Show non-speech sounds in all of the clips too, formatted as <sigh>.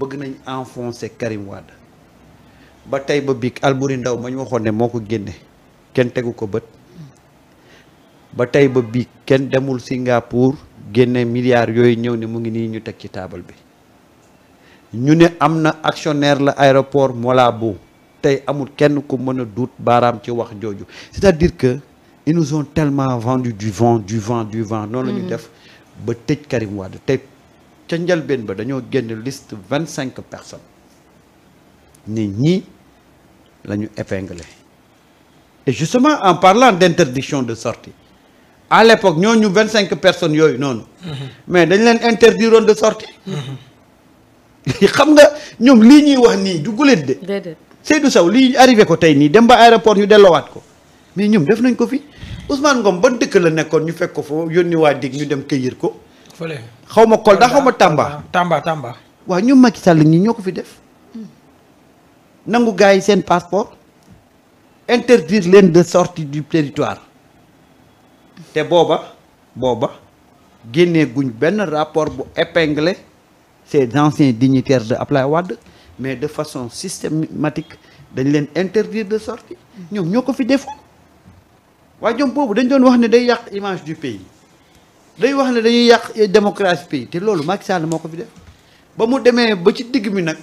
bëgg nañ enfoncer Karim Wade ba tey ba biig Albouri Ndaw ma ñu waxoon ne moo ko génne kenn tegu ko bët ba tey ba biig kenn demul Singapour génne milliards yooyu ñëw ne mu ngi nii ñu teg ci taabal bi ñu ne am na actionnaire la aéroport Malabo tey amul kenn ku mën a duut baaraam ci wax jooju c'est-à-dire que ils nous ont tellement vendu du vent du vent du vent noonu la ñu mm-hmm. def ba tëj Karim Wade tey ca njëlbéen ba dañoo génn liste vingt cinq personnes ni ñi la ñu épinglé et justement en parlant d' interdiction de sortie à l' ñoo ñu vingt cinq personnes yooyu noonu mais dañ leen interdiroon de sortie <laughs> xam nga ñoom lii ñuy wax nii du guleen de Seydou Sow lii arrivé ko tey nii dem ba aéroport ñu delloowaat ko mais ñoom def nañ ko fi Ousmane Ngom ba dëkk la nekkoon ñu fekk ko foofu yónni waa dig ñu dem këyir ko fële. xaw ma Kolda xaw ma Tamba. Tamba Tamba. waaw ñoom Macky Sall ñi ñoo ko fi def. nangu gars yi seen passeport. interdire leen de sortie du territoire. te booba. booba génnee guñ benn rapport bu épinglé ces anciens dignitaires de Ablaye Wade mais de façon systématique dañ leen interdire de sortie ñoom ñoo ko fi defoon waaye ñoom boobu dañ doon wax ne day yàq image du pays. day wax ne dañuy yàq démocratie pays te loolu Macky Sall moo ko fi def ba mu demee ba ci digg mi nag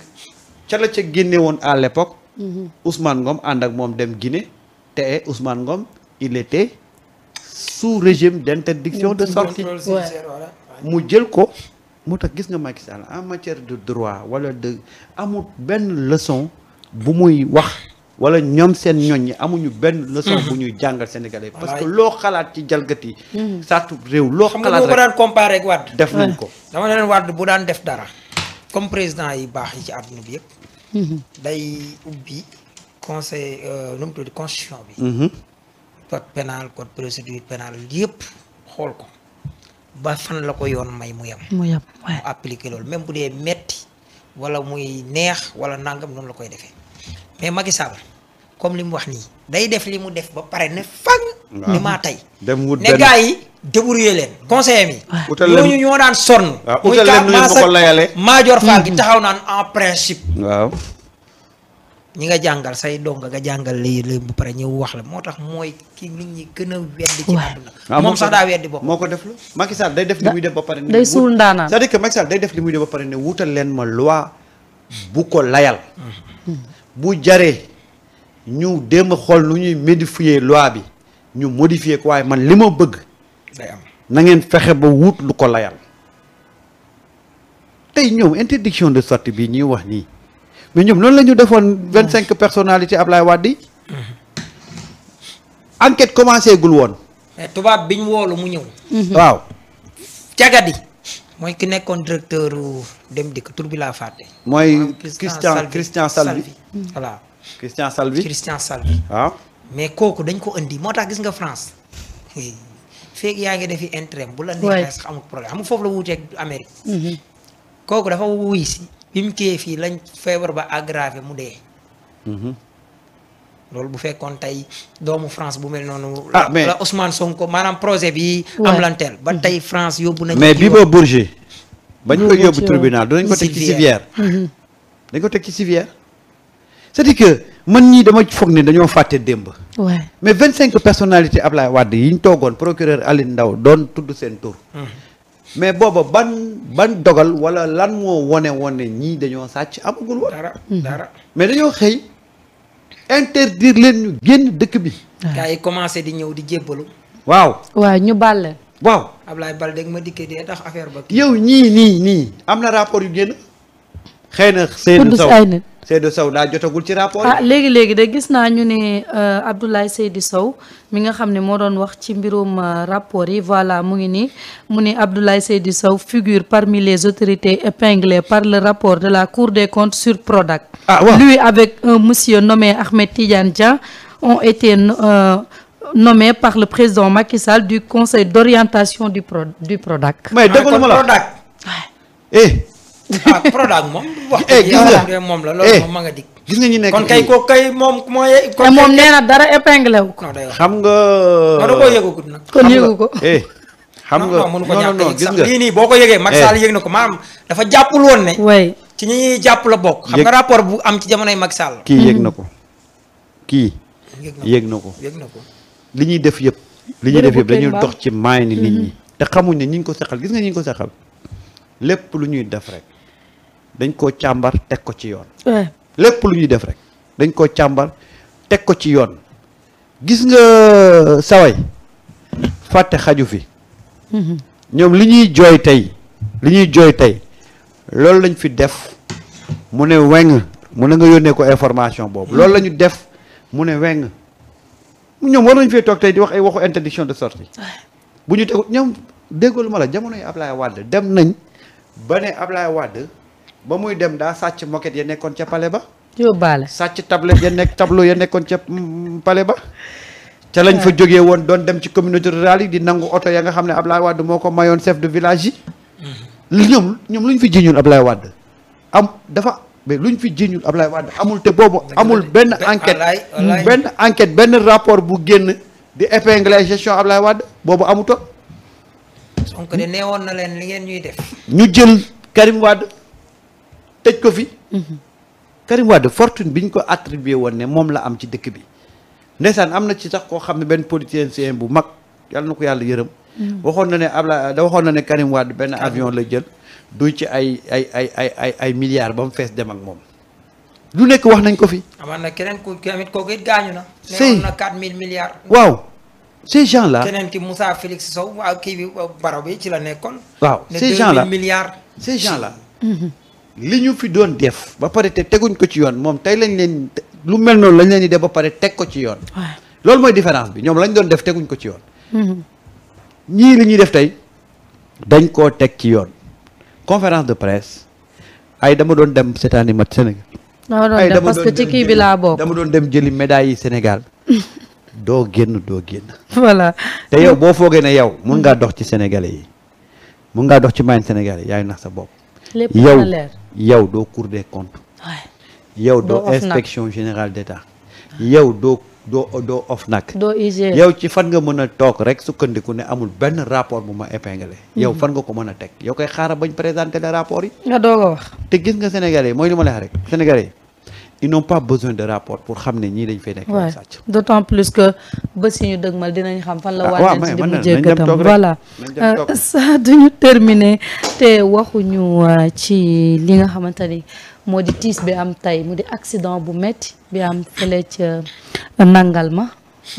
ca la ca génne woon à l'époque mm-hmm. Ousmane Ngom ànd ak moom dem Guinée te Ousmane Ngom il était sous régime d'interdiction de sortie mu jël ko moo tax gis nga Macky Sall en matière de droit wala de amul benn leçon bu muy wax wala ñoom seen ñoñ yi amuñu benn leçon mm-hmm. bu ñuy jàngal Sénégalais parce que loo xalaat ci jalgati. Mm-hmm. saatu réew loo xam nga daan comparé ak Wade def nañ ko dama leen Wade bu daan def dara comme président yi baax yi ci àdduna bi yëpp mm-hmm. day ubbi conseil euh, nu mu tudd constitution bi code pénal code procédure pénale yëpp xool ko ba fan la ko yoon may mu yem mu yem mu appliqué loolu même bu dee metti wala muy neex wala nangam noonu la koy defee mais Macky comme li mu wax nii day def li mu def ba pare ne fang. ni maa tey. dem wut benn ne gars yi débrouiller leen conseil mi. utal leen ñooñu ñoo daan son waaw ah, utal leen nu ko layale hmm. taxaw naan en principe. waaw. ñi nga jàngal say dong nga jàngal lii lii pare ñëw wax la moo tax mooy ki nit ñi gën a weddi ci àdduna ah, moom sax daa weddi bopp moo ko def la Macky Sall day def li muy def ba pare ne day suul ndaanaan cest à day def li muy def ba pare ne wutal leen ma loi bu ko layal hmm. bu jaree ñu démb xool nu ñuy modifier loi bi ñu modifier ko waaye man li ma bëgg day am na fexe ba wut lu ko layal tey ñoom interdiction de sortie bi ñuy wax nii mais ñoom noonu lañu defoon vingt cinq personnalités Ablaye Wade enquête commencé gul woon tubaab biñ woolu mu ñëw mhm. waaw cagadi mooy ki nekkoon directeur dem dikk tur bi laa fàtte mooy Christian Christian Salvi Christian Salbi Christian Salbi. Ah. mais kooku dañ ko indi moo tax gis nga France. feeg yaa ngi defi intérim bu la neexee sax amul problème xam nga foofu la wuuteeg Amérique. Mm-hmm. kooku dafa wuy si bi mu kii fii lañ feebar ba aggravé mu dee. Mm-hmm. loolu bu fekkoon tey doomu France bu mel noonu. ah mais la Ousmane Sonko maanaam projet bi am lanteel ba tey mm-hmm. France yóbbu nañu. mais Bibo Bourgi. ba ñu ko yóbbu tribunal dinañ ko teg ci civière. dañ ko teg ci civière. cest à que man ñii dama foog ni dañoo fàtte démb. mais vingt cinq personnalités Ablaye Wade yi ñu toogoon procureur Alioune ndaw doon tudd seen tur. Mm-hmm. mais booba ban ban dogal walla lan moo wone wone ñii dañoo sàcc amagul woon. Mm-hmm. dara mais dañoo xëy interdire leen ñu génn dëkk bi. gars yi commencé di ñëw di jébbalu. waaw waaw ñu baal waaw Ablaye ma dikkee dee tax affaire ba. yow ñii nii nii am na rapport yu génn xëy na. seen saw Seydou Sow daa jotagul ci rapport ah léegi léegi de gis naa ñu ne euh, Abdoulaye Seydou Sow mi nga xam ne moo doon wax ci mbirum euh, rapport yi voilà mu ngi nii mu ni Abdoulaye Seydou Sow figure parmi les autorités épinglées par le rapport de la Cour des comptes sur Prodac. Ah, lui avec un monsieur nommé Ahmed Tidiane Dia ont été euh, nommé par le président Macky Sall du conseil d'orientation du pro du ah Prodac moom. wax eh, dëgg yàlla moom la loolu eh, moom ma nga dig. gis nga ñu nekk kon kay ko kay moom mooy. kon moom nee na dara épinglé wu. xam nga. non da koo yëgagut nag. kon yëgu ko. Eh, xam nga non non non gis nga lii nii boo ko yëgee Macky Sall yëg na ko maanaam dafa jàppul woon ne. way ci ñi ñuy jàpp la bokk. xam nga rapport bu am ci jamonoy Macky Sall. kii yëg na mhm. ko kii. yëg na ko yëg na ko. li ñuy def yëpp. li ñuy def yëpp dañuy dox ci maay ni nit ñi. Mhm. te xamuñ ne ñi ñu ko saxal gis nga ñi ñu ko saxal lépp lu ñuy def rek dañ koo càmbar teg ko ci yoon. lépp lu ñuy def rek dañ koo càmbar teg ko ci yoon gis nga euh, saway fàtte xaju fi. Mm-hmm. ñoom li ñuy jooy tey li ñuy jooy tey loolu lañ fi def mu ne weng mu ne nga yónnee ko information boobu mm-hmm. loolu la ñu def mu ne weng ñoom war nañ fee toog tey di wax ay waxu interdiction de sortie bu ñu tegu ñoom déggoolu ma la jamono yi Ablaye Wade dem nañ ba ne Ablaye Wade ba muy dem daa sàcc moquette ya nekkoon ca palais ba. yóbbaale sàcc tablette ya nekk tableau ya nekkoon ca mm, mm, palais ba. ca lañ fa jógee woon doon dem ci communauté rurale yi di nangu oto ya nga xam ne Ablaye Wade moo ko mayoon chef de village yi. li mm-hmm. ñoom ñoom lu ñu fi jiñul lay Wade am dafa mais lu ñu fi ab Ablaye Wade amul te boobu amul benn enquête benn enquête benn rapport bu génn di épingler gestion Ablaye Wade boobu amutoon. donc de neewoon na leen li ngeen ñuy def. ñu jël Karim Wade. tëj ko fi. Mhm. Karim Wade fortune bi ñu ko attribué woon ne moom la am ci dëkk bi ndeysaan am na ci sax koo xam ne benn politicien bu mag yàlla na ko yàlla yërëm. Mhm. waxoon na ne Abla da waxoon na ne Karim Wade benn avion la jël du ci ay ay ay ay ay ay ba mu fees dem ak moom. lu nekk wax nañ ko fi. amoon na keneen ku tamit kooku it gaañu na. sëy na 4000 milliards. waaw ces gens là. keneen ki musa Félix Sow kii bi baro bi ci la nekkoon. waaw ces gens là ne li ñu fi doon def ba pare te teguñ ko ci yoon moom tey lañ leen lu mel noonu lañ leen di def ba pare teg ko ci yoon loolu mooy différence bi ñoom lañ doon def teguñ ko ci yoon mm-hmm. ñii li ñuy def tey dañ koo teg ci yoon conférence de presse ay dama doon dem seetaani match Sénégal ay dama parce que ci bi laa bokk dama doon dem jëli médaille yi Sénégal <laughs> doo génn doo génn voilà te yow boo foogee ne yow mun ngaa dox ci Sénégalais yi mun ngaa dox ci maayin Sénégalais yi yaay nax sa bopp lépp yow yow doo cour des comptes. yow doo inspection général d'État. yow doo doo doo nag doo IGE yow ci fan nga mën a toog rek sukkandiku ne amul benn rapport bu ma épinglé. yow mm-hmm. fan nga ko mën a teg yow koy xaaral bañ présenter le rapport yi. nga doog wax. te gis nga Sénégalais mooy li ma lay wax rek Sénégalais. ils n'ont pas besoin de rapport pour xam ne ñii dañ fay nekk. waaw sàcc que ba si ñu dëgmal dinañ xam fan la. Ah, waaw waaw man de voilà saa euh, du ñu terminer te waxuñu euh, ci li nga xamante ni moo di tiis bi am tey mu di accident bu metti bi am fële ca euh, Nangalma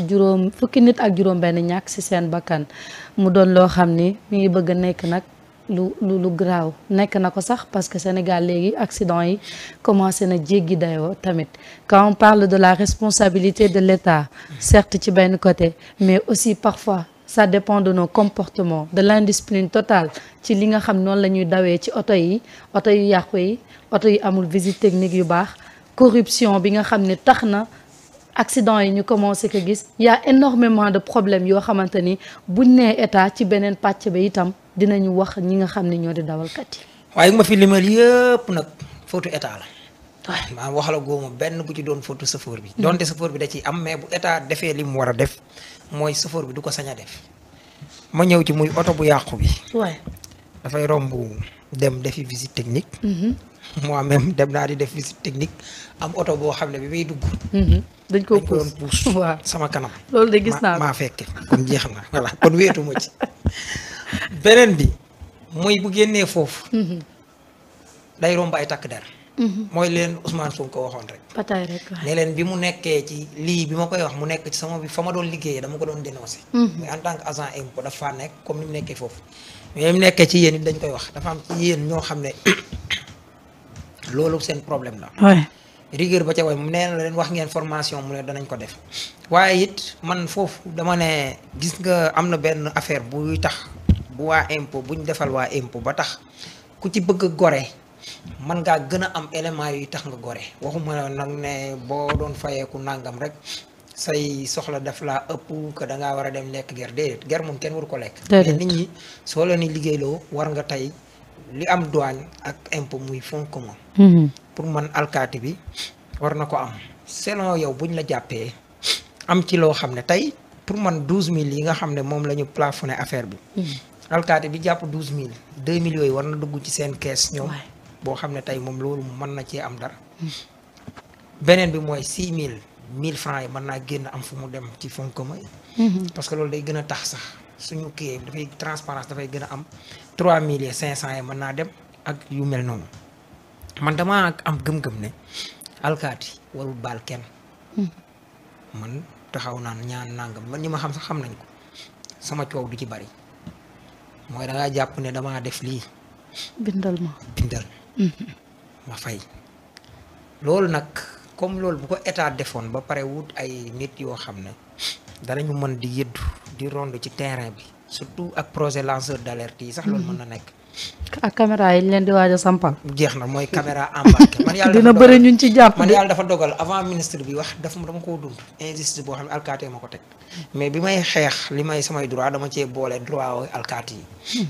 juróom fukki nit ak juróom-benn ñàkk si seen bakkan mu doon loo xam ni mi ngi bëgg a nekk nag. lu lu lu graaw nekk na ko sax parce que Sénégal léegi accident yi commencé na jéggi dayoo tamit quand parle de la responsabilité de l'État certes ci benn côté mais aussi parfois ça dépend de nos comportements de l'indiscipline totale ci li nga xam noonu la ñuy dawee ci oto yi oto yu yàqu yi oto yi amul visite technique yu baax corruption bi nga xam ne tax na accident yi ñu commencé ko gis y a énormément de problèmes yoo xamante ni buñ nee état ci beneen pàcc ba itam dinañu wax ñi nga xam ne ñoo di dawalkat yi. waaye ma fi limal yëpp nag footu état la. waaw maa wax la góoma benn bu ci doon footu chauffeur bi. donte chauffeur bi da ciy am mais bu état defee li mu war a def mooy chauffeur bi du ko sañ a def. ma ñëw ci muy oto bu yàqu bi. waaw dafay romb dem defi visite technique. Mm-hmm. moi même dem naa di def visite technique am oto boo xam ne bi may dugg. Mm-hmm. dañ ko doon puus sama kanam. loolu de gis naa maa fekke kon jeex na kon wéetu ma ci. <laughs> beneen bi mooy bu génnee foofu. Mhm. day romb ay takk der. Mhm. mooy leen Ousmane Sonko waxoon rek. pataay rek ne leen bi mu nekkee ci lii bi ma koy wax mu nekk ci sama bi fa ma doon liggéeyee dama ko doon dénoncé. Mhm. mais en tant que agent impôt dafa mu nekkee foofu. mais nekkee ci yéen it dañ koy wax dafa am ci yéen ñoo xam ne <coughs> loolu seen problème la. rigueur ba ca way mu nee na leen wax ngeen formation mu ne danañ ko def waaye it man foofu dama ne gis nga am na benn affaire buy tax bu waa impôt bu ñu defal waa impôt ba tax ku ci bëgg gore man ngaa gën a am élément yuy tax nga gore waxuma nag ne boo doon fayeeku nàngam rek say soxla daf laa ëpp ko dangaa war a dem lekk ger déedéet ger moom kenn waru ko lekk mais nit ñi soo leen di liggéeyloo war nga tey li am douane ak impo muy fonds commun mm-hmm. pour man alkaati bi war na ko am selon yow buñ la jàppee am ci loo xam ne tey pour man douze mille yi nga xam ne moom la ñu affaire bi mm-hmm. alkaati bi jàpp douze mille deux mille yooyu war na dugg ci seen kees ñoom boo xam ne tey moom loolu mën na cee am dara beneen bi mooy six mille mille francs yi mën naa génn am fu mu dem ci fonds commun yi mhm. parce que loolu day gën a tax sax suñu kii dafay dafay gën a am trois mille et cent yi mën naa dem ak yu mel noonu man damaa am gëm-gëm ne alkaati warul baal kenn mhm. man taxaw naan ñaan nangam man ñi ma xam sax xam nañ ko sama coow du ci bari mooy dangaa jàpp ne damaa def lii. bindal ma bindal. Mm-hmm. ma fay. loolu nag comme loolu bu ko état defoon ba pare wut ay nit yoo xam ne danañu mën di yëddu di rond ci terrain bi surtout ak projet lanceur d'alerte yi sax loolu mm-hmm. mën na nekk. ak caméra yi ñu leen di waaj a sampal. jeex na mooy caméra am man yàlla dina bëri ñun ci jàpp. man yàlla dafa dogal avant ministre bi wax dafa dama koo dund. injustice boo xam ne alkaati ma ko teg mais bi may xeex li may samay droit dama cee boole droit alkaati yi.